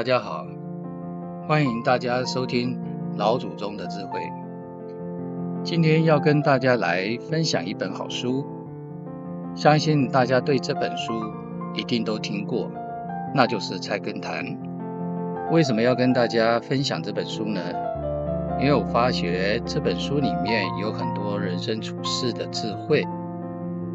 大家好，歡迎大家收聽老祖宗的智慧。今天要跟大家來分享一本好書，相信大家對這本書一定都聽過，那就是《菜根譚》。為什麼要跟大家分享這本書呢？因為我發覺這本書裡面有很多人生處世的智慧，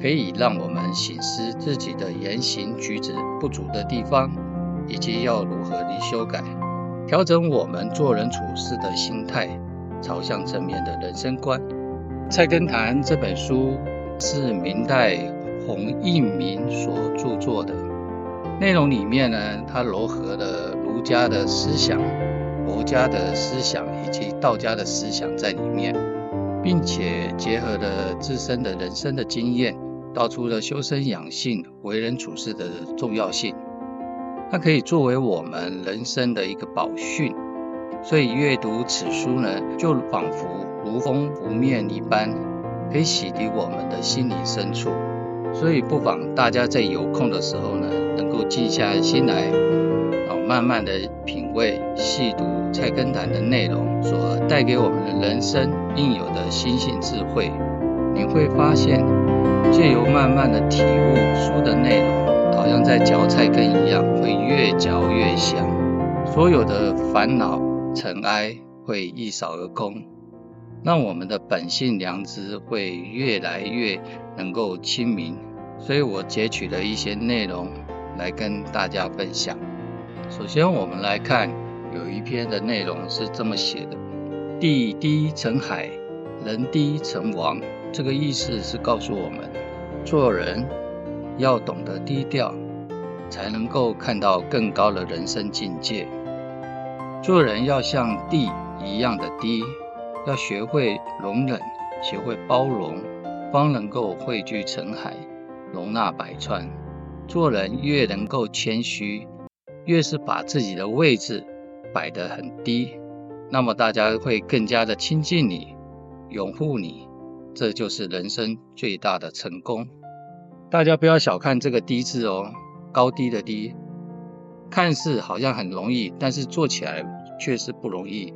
可以讓我們省思自己的言行舉止不足的地方。以及要如何的修改、調整我們做人處事的心態，朝向正面的人生觀。《菜根譚》這本書是明代洪應明所著作的，內容裡面呢，它糅合了儒家的思想、佛家的思想以及道家的思想在裡面，並且結合了自身的人生的經驗，道出了修身養性、為人處事的重要性。它可以作為我們人生的一個寶訓，所以閱讀此書呢，就仿佛如風拂面一般，可以洗滌我們的心靈深處。所以，不妨大家在有空的時候呢，能夠靜下心來，啊、哦，慢慢地品味、細讀《菜根譚》的內容，所帶給我們的人生應有的心性智慧。你會發現，借由慢慢的體悟書的內容。好像在嚼菜根一樣，會越嚼越香。所有的煩惱塵埃會一掃而空，讓我們的本性良知會越來越能夠清明。所以我截取了一些內容來跟大家分享。首先，我們來看有一篇的內容是這麼寫的：“地低成海，人低成王。”這個意思是告訴我們，做人要懂。的低調，才能夠看到更高的人生境界。做人要像地一樣的低，要學會容忍，學會包容，方能夠匯聚成海，容納百川。做人越能夠謙虛，越是把自己的位置擺得很低，那麼大家會更加的親近你，擁護你，這就是人生最大的成功。大家不要小看這個“低”字哦，高低的“低”，看似好像很容易，但是做起來卻是不容易。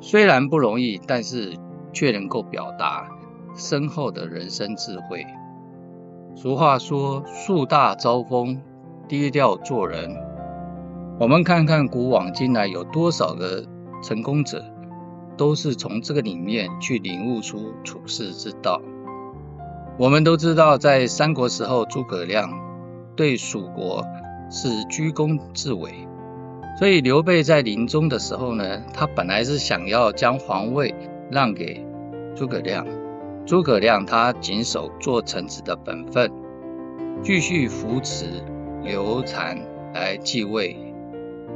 雖然不容易，但是卻能夠表達深厚的人生智慧。俗話說“樹大招風”，低調做人。我們看看古往今來有多少個成功者，都是從這個裡面去領悟出處世之道。我們都知道，在三國時候，諸葛亮對蜀國是居功至偉。所以劉備在臨終的時候呢，他本來是想要將皇位讓給諸葛亮。諸葛亮他謹守做臣子的本分，繼續扶持劉禪來繼位，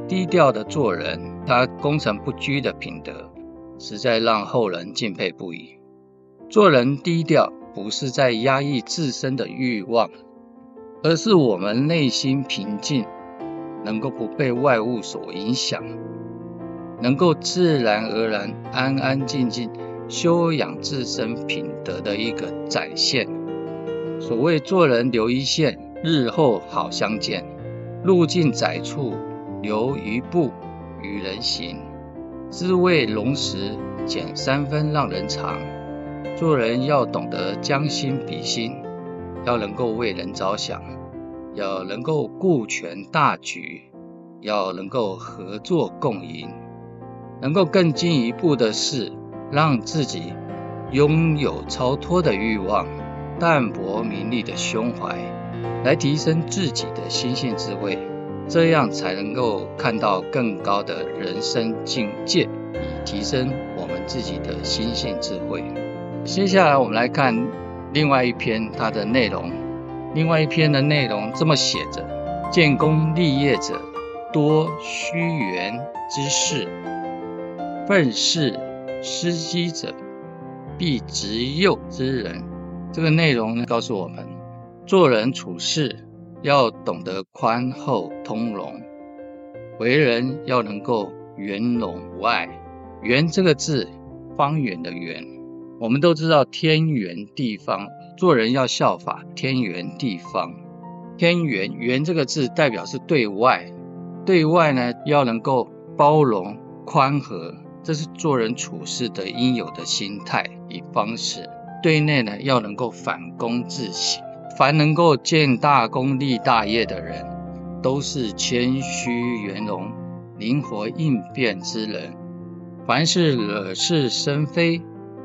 低調的做人，他功成不居的品德，實在讓後人敬佩不已。做人低調。不是在壓抑自身的慾望，而是我們內心平靜，能夠不被外物所影響，能夠自然而然、安安靜靜修養自身品德的一個展現。所謂“做人留一線，日後好相見”，“路徑窄處留一步，與人行”，“滋味濃時減三分，讓人嘗”。做人要懂得將心比心，要能夠為人着想，要能夠顧全大局，要能夠合作共贏。能夠更進一步的是，讓自己擁有超脫的欲望、淡泊名利的胸懷，來提升自己的心性智慧，這樣才能夠看到更高的人生境界，以提升我們自己的心性智慧。接下來我們來看另外一篇，它的內容。另外一篇的內容這麼寫着：“建功立業者，多虛圓之士，憤世失機者，必執拗之人。”這個內容呢，告訴我們做人處事要懂得寬厚通融，為人要能夠圓融無礙。圓這個字，方圓的圓。我們都知道天圓地方，做人要效法天圓地方。天圓圓這個字代表是對外，對外呢要能夠包容寬和，這是做人處事的應有的心態與方式。對內呢要能夠反躬自省。凡能夠建大功立大業的人，都是謙虛圓融、靈活應變之人。凡是惹是生非。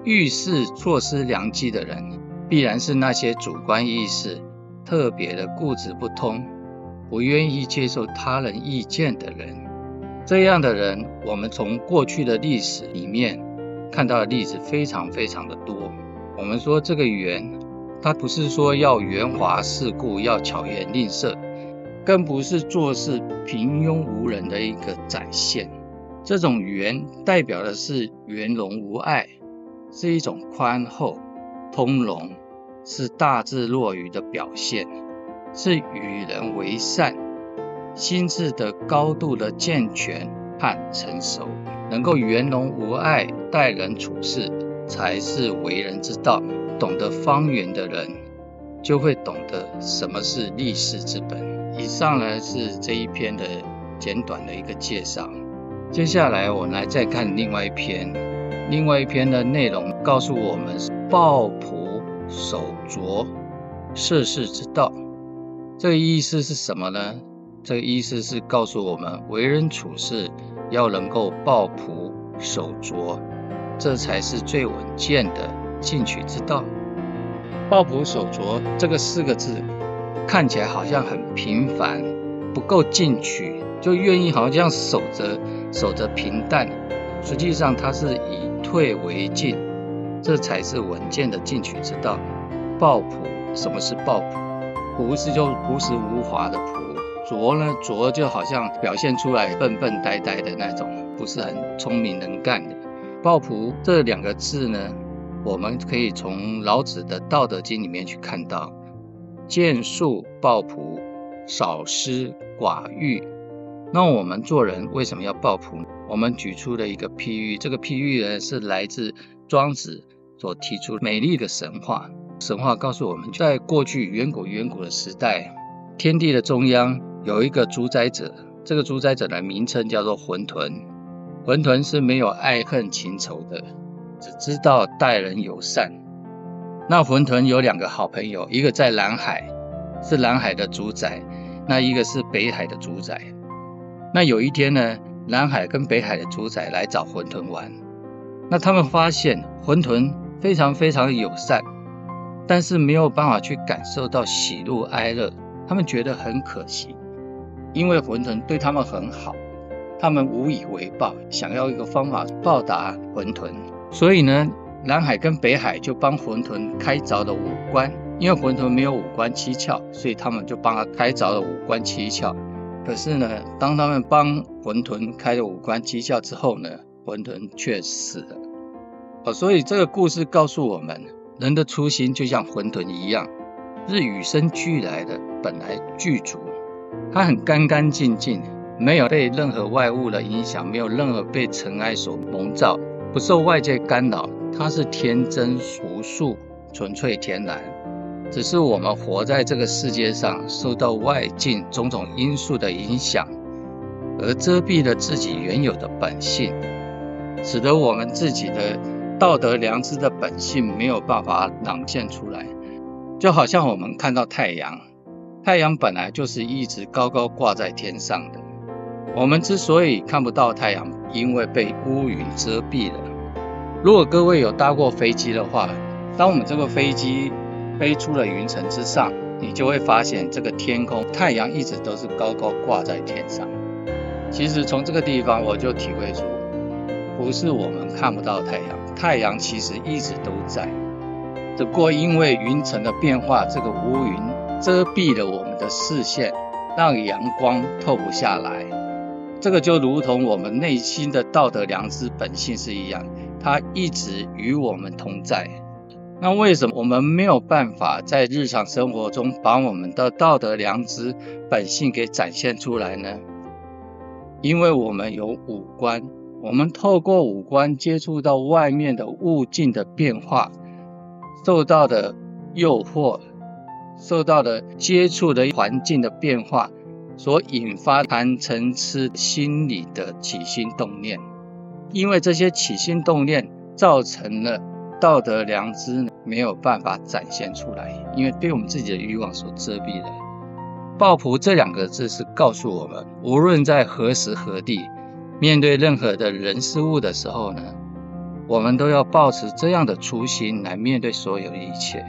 遇事錯失良機的人，必然是那些主觀意識特別的固執不通、不願意接受他人意見的人。這樣的人，我們從過去的歷史裡面看到的例子非常非常的多。我們說這個圓，它不是說要圓滑世故、要巧言令色，更不是做事平庸無能的一個展現。這種圓代表的是圓融無礙。是一種寬厚、通融，是大智若愚的表現，是與人為善，心智的高度的健全和成熟，能夠圓融無礙，待人處事才是為人之道。懂得方圓的人，就會懂得什麼是立世之本。以上呢，是這一篇的簡短的一個介紹，接下來我們來再看另外一篇。另外一篇的內容告訴我們：抱樸守拙，涉世之道。這個意思是什麼呢？這個意思是告訴我們，為人處事要能夠抱樸守拙，這才是最穩健的進取之道。抱樸守拙這個四個字，看起來好像很平凡，不夠進取，就願意好像守着守着平淡。實際上，它是以退為進，這才是穩健的進取之道。抱樸，什麼是抱樸？樸實就樸實無華的樸，拙呢？拙就好像表現出來笨笨呆呆的那種，不是很聰明能幹的。抱樸這兩個字呢，我們可以從老子的《道德經》裡面去看到：見素抱樸，少私寡欲。那我們做人為什麼要抱樸呢？我們舉出的一個譬喻，這個譬喻呢是來自莊子所提出美麗的神話。神話告訴我們，在過去遠古遠古的時代，天地的中央有一個主宰者，這個主宰者的名稱叫做渾沌。渾沌是沒有愛恨情仇的，只知道待人友善。那渾沌有兩個好朋友，一個在南海，是南海的主宰；那一個是北海的主宰。那有一天呢，南海跟北海的主宰來找混沌玩，那他們發現混沌非常非常友善，但是沒有辦法去感受到喜怒哀樂，他們覺得很可惜，因為混沌對他們很好，他們無以為報，想要一個方法報答混沌，所以呢，南海跟北海就幫混沌開鑿了五官，因為混沌沒有五官七竅，所以他們就幫他開鑿了五官七竅。可是呢，當他們幫混沌開了五官七竅之後呢，混沌卻死了。哦，所以這個故事告訴我們，人的初心就像混沌一樣，是與生俱來的，本來具足。它很乾乾淨淨，沒有被任何外物的影響，沒有任何被塵埃所蒙罩，不受外界干擾。它是天真樸素、純粹天然。只是我們活在這個世界上，受到外境種種因素的影響，而遮蔽了自己原有的本性，使得我們自己的道德良知的本性沒有辦法朗現出來。就好像我們看到太陽，太陽本來就是一直高高掛在天上的。我們之所以看不到太陽，因為被烏雲遮蔽了。如果各位有搭過飛機的話，當我們這個飛機飛出了雲層之上，你就會發現這個天空，太陽一直都是高高掛在天上。其實從這個地方，我就體會出，不是我們看不到太陽，太陽其實一直都在，只不過因為雲層的變化，這個烏雲遮蔽了我們的視線，讓陽光透不下來。這個就如同我們內心的道德良知本性是一樣，它一直與我們同在。那為什麼我們沒有辦法在日常生活中把我們的道德良知本性給展現出來呢？因為我們有五官，我們透過五官接觸到外面的物境的變化，受到的誘惑，受到的接觸的環境的變化，所引發貪瞋癡心理的起心動念，因為這些起心動念造成了。道德良知沒有辦法展現出來，因為被我們自己的慾望所遮蔽了。抱樸這兩個字是告訴我們，無論在何時何地，面對任何的人事物的時候呢，我們都要保持這樣的初心來面對所有一切，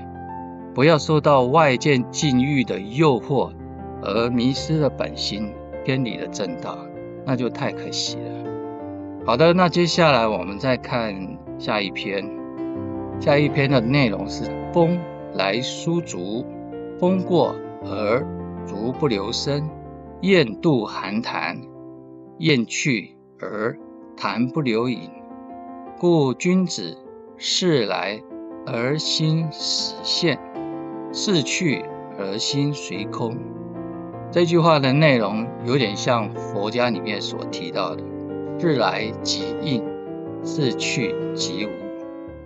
不要受到外界境遇的誘惑而迷失了本心，偏離了正道，那就太可惜了。好的，那接下來我們再看下一篇。下一篇的內容是：風來疏竹，風過而竹不留聲；雁渡寒潭，雁去而潭不留影。故君子事來而心始現，事去而心隨空。這句話的內容有點像佛家裡面所提到的：事來即應，事去即無。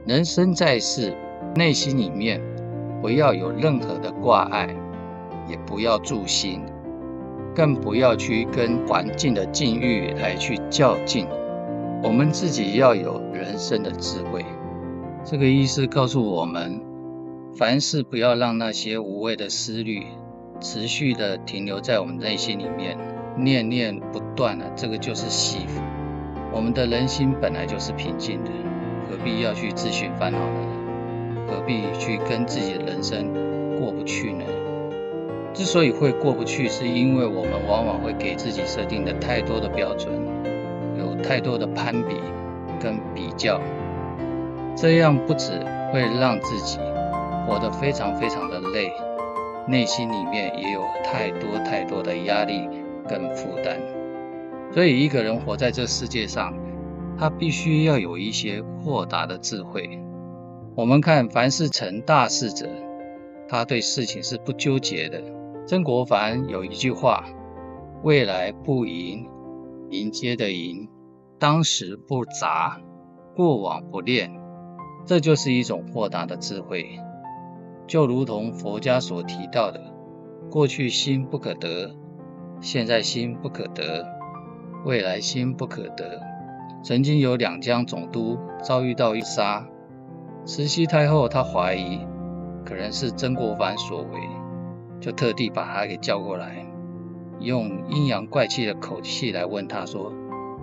人生在世，內心裡面不要有任何的掛礙，也不要住心，更不要去跟環境的境遇來去較勁。我們自己要有人生的智慧。這個意思告訴我們，凡事不要讓那些無謂的思慮持續的停留在我們內心裡面，念念不斷了、啊，這個就是幸福。我們的人心本來就是平靜的。何必要去自尋煩惱呢？何必去跟自己的人生過不去呢？之所以會過不去，是因為我們往往會給自己設定的太多的標準，有太多的攀比跟比較，這樣不止會讓自己活得非常非常的累，內心裡面也有太多太多的壓力跟負擔。所以一個人活在這世界上，他必須要有一些豁達的智慧。我們看，凡是成大事者，他對事情是不糾結的。曾國藩有一句話：“未來不迎，迎接的迎；當時不雜，過往不戀。”這就是一種豁達的智慧。就如同佛家所提到的：“過去心不可得，現在心不可得，未來心不可得。”曾經有兩江總督遭遇到刺殺，慈禧太后她懷疑可能是曾國藩所為，就特地把他給叫過來，用陰陽怪氣的口氣來問他說：“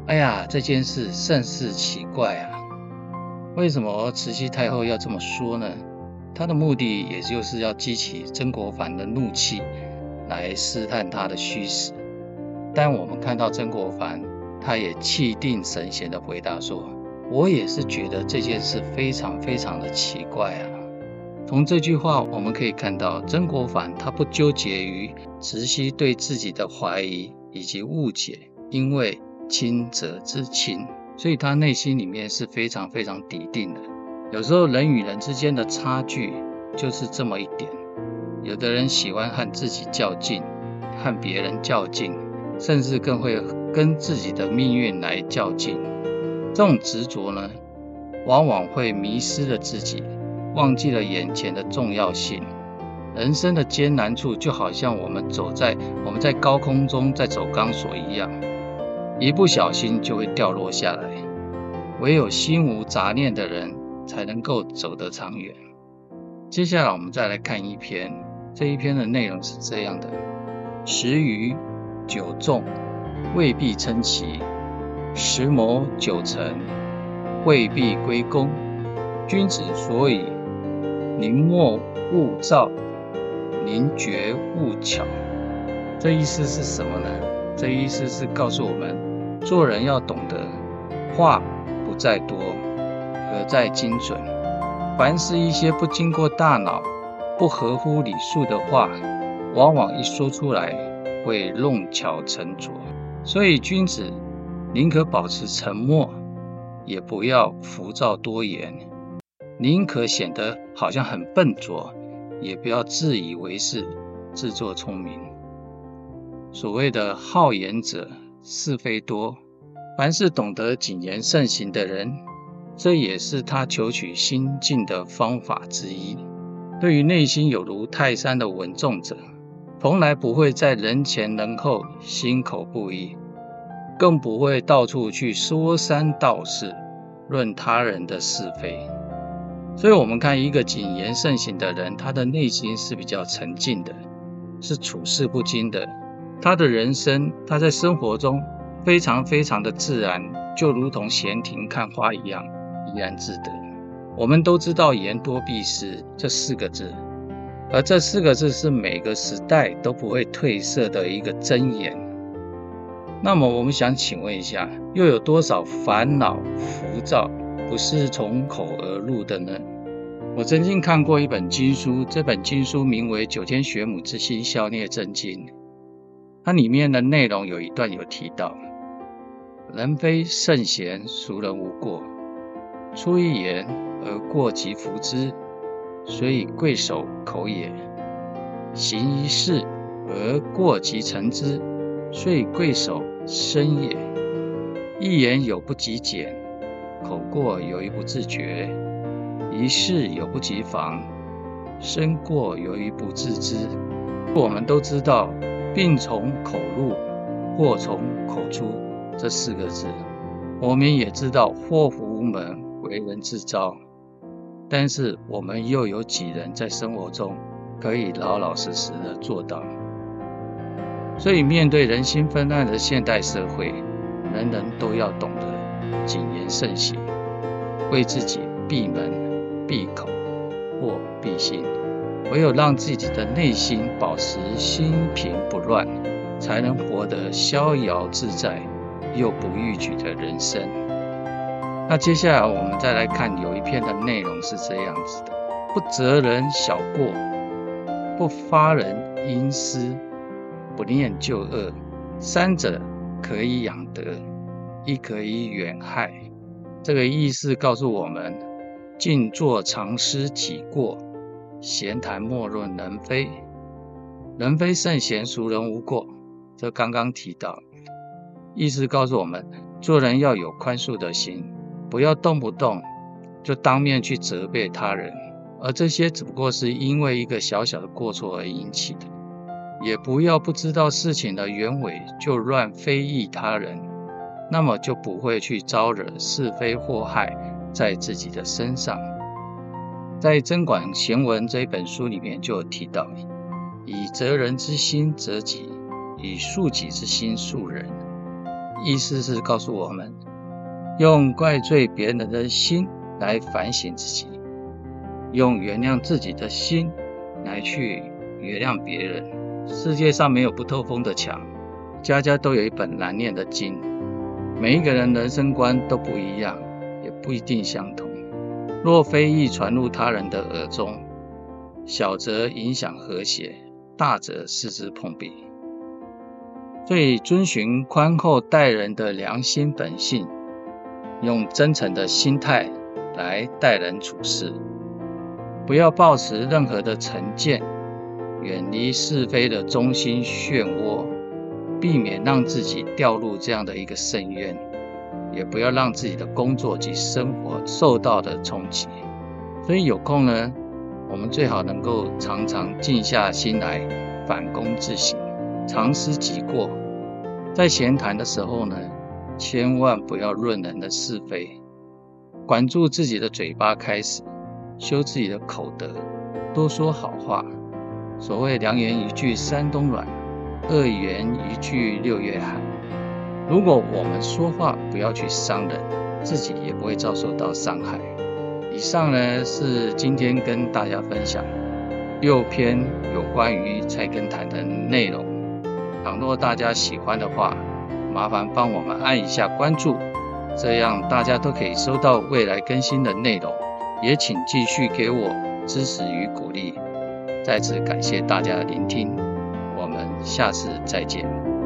哎呀，這件事甚是奇怪啊！為什麼慈禧太后要這麼說呢？”他的目的也就是要激起曾國藩的怒氣，來試探他的虛實。但我們看到曾國藩。他也氣定神閒地回答說：“我也是覺得這件事非常非常的奇怪啊。”從這句話我們可以看到，曾國藩他不糾結於慈禧對自己的懷疑以及誤解，因為清者自清，所以他內心裡面是非常非常篤定的。有時候人與人之間的差距就是這麼一點，有的人喜歡和自己較勁，和別人較勁，甚至更會。跟自己的命運來較勁，這種執着呢，往往會迷失了自己，忘記了眼前的重要性。人生的艱難處，就好像我們走在我們在高空中在走鋼索一樣，一不小心就會掉落下來。唯有心無雜念的人，才能夠走得長遠。接下來我們再來看一篇，這一篇的內容是這樣的：十語九中，未必稱奇，十謀九成，未必歸功。君子所以寧默勿躁，寧拙勿巧。這意思是什麼呢？這意思是告訴我們，做人要懂得，話不在多，而在精準。凡是一些不經過大腦、不合乎禮數的話，往往一說出來，會弄巧成拙。所以，君子寧可保持沉默，也不要浮躁多言；寧可顯得好像很笨拙，也不要自以為是、自作聰明。所謂的好言者，是非多；凡是懂得謹言慎行的人，這也是他求取心境的方法之一。對於內心有如泰山的穩重者。從來不會在人前人後心口不一，更不會到處去說三道四，論他人的是非。所以，我們看一個謹言慎行的人，他的內心是比較沉靜的，是處事不驚的。他的人生，他在生活中非常非常的自然，就如同閒庭看花一樣，怡然自得。我們都知道“言多必失”這四個字。而這四個字是每個時代都不會褪色的一個箴言。那麼，我們想請問一下，又有多少煩惱、浮躁不是從口而入的呢？我曾經看過一本經書，這本經書名為《九天玄母之心消孽真經》，它裡面的內容有一段有提到：人非聖賢，孰能無過？出一言而過，即伏之。所以貴守口也，行一事而過即成之，所以，貴守身也。一言有不及儉，口過由於不自覺；一事有不及防，身過由於不自知。我們都知道“病從口入，禍從口出”這四個字，我們也知道“禍福無門，惟人自招”。但是我們又有幾人在生活中可以老老實實的做到？所以面對人心紛亂的現代社會，人人都要懂得謹言慎行，為自己閉門、閉口或閉心。唯有讓自己的內心保持心平不亂，才能活得逍遙自在又不逾矩的人生。那接下來我們再來看有一篇的內容是這樣子的：不責人小過，不發人陰私，不念舊惡，三者可以養德，亦可以遠害。這個意思告訴我們：靜坐常思己過，閒談莫論人非。人非聖賢，孰人無過？這剛剛提到，意思告訴我們，做人要有寬恕的心。不要動不動就當面去責備他人，而這些只不過是因為一個小小的過錯而引起的。也不要不知道事情的原委就亂非議他人，那麼就不會去招惹是非禍害在自己的身上。在《增廣賢文》這一本書裡面就有提到：“以責人之心責己，以恕己之心恕人。”意思是告訴我們，用怪罪別人的心來反省自己，用原諒自己的心來去原諒別人。世界上沒有不透風的牆，家家都有一本難念的經。每一個人的人生觀都不一樣，也不一定相同。若非議傳入他人的耳中，小則影響和諧，大則四處碰壁。所以，遵循寬厚待人的良心本性。用真誠的心態來待人處事，不要抱持任何的成見，遠離是非的中心漩渦，避免讓自己掉入這樣的一個深淵，也不要讓自己的工作及生活受到的衝擊。所以有空呢，我們最好能夠常常靜下心來反躬自省，常思己過。在閒談的時候呢。千萬不要論人的是非，管住自己的嘴巴，開始修自己的口德，多說好話。所謂良言一句三冬暖，惡言一句六月寒。如果我們說話不要去傷人，自己也不會遭受到傷害。以上呢，是今天跟大家分享的六篇有關於《菜根譚》的內容。倘若大家喜歡的話，麻煩幫我們按一下關注，這樣大家都可以收到未來更新的內容。也請繼續給我支持與鼓勵。再次感謝大家的聆聽，我們下次再見。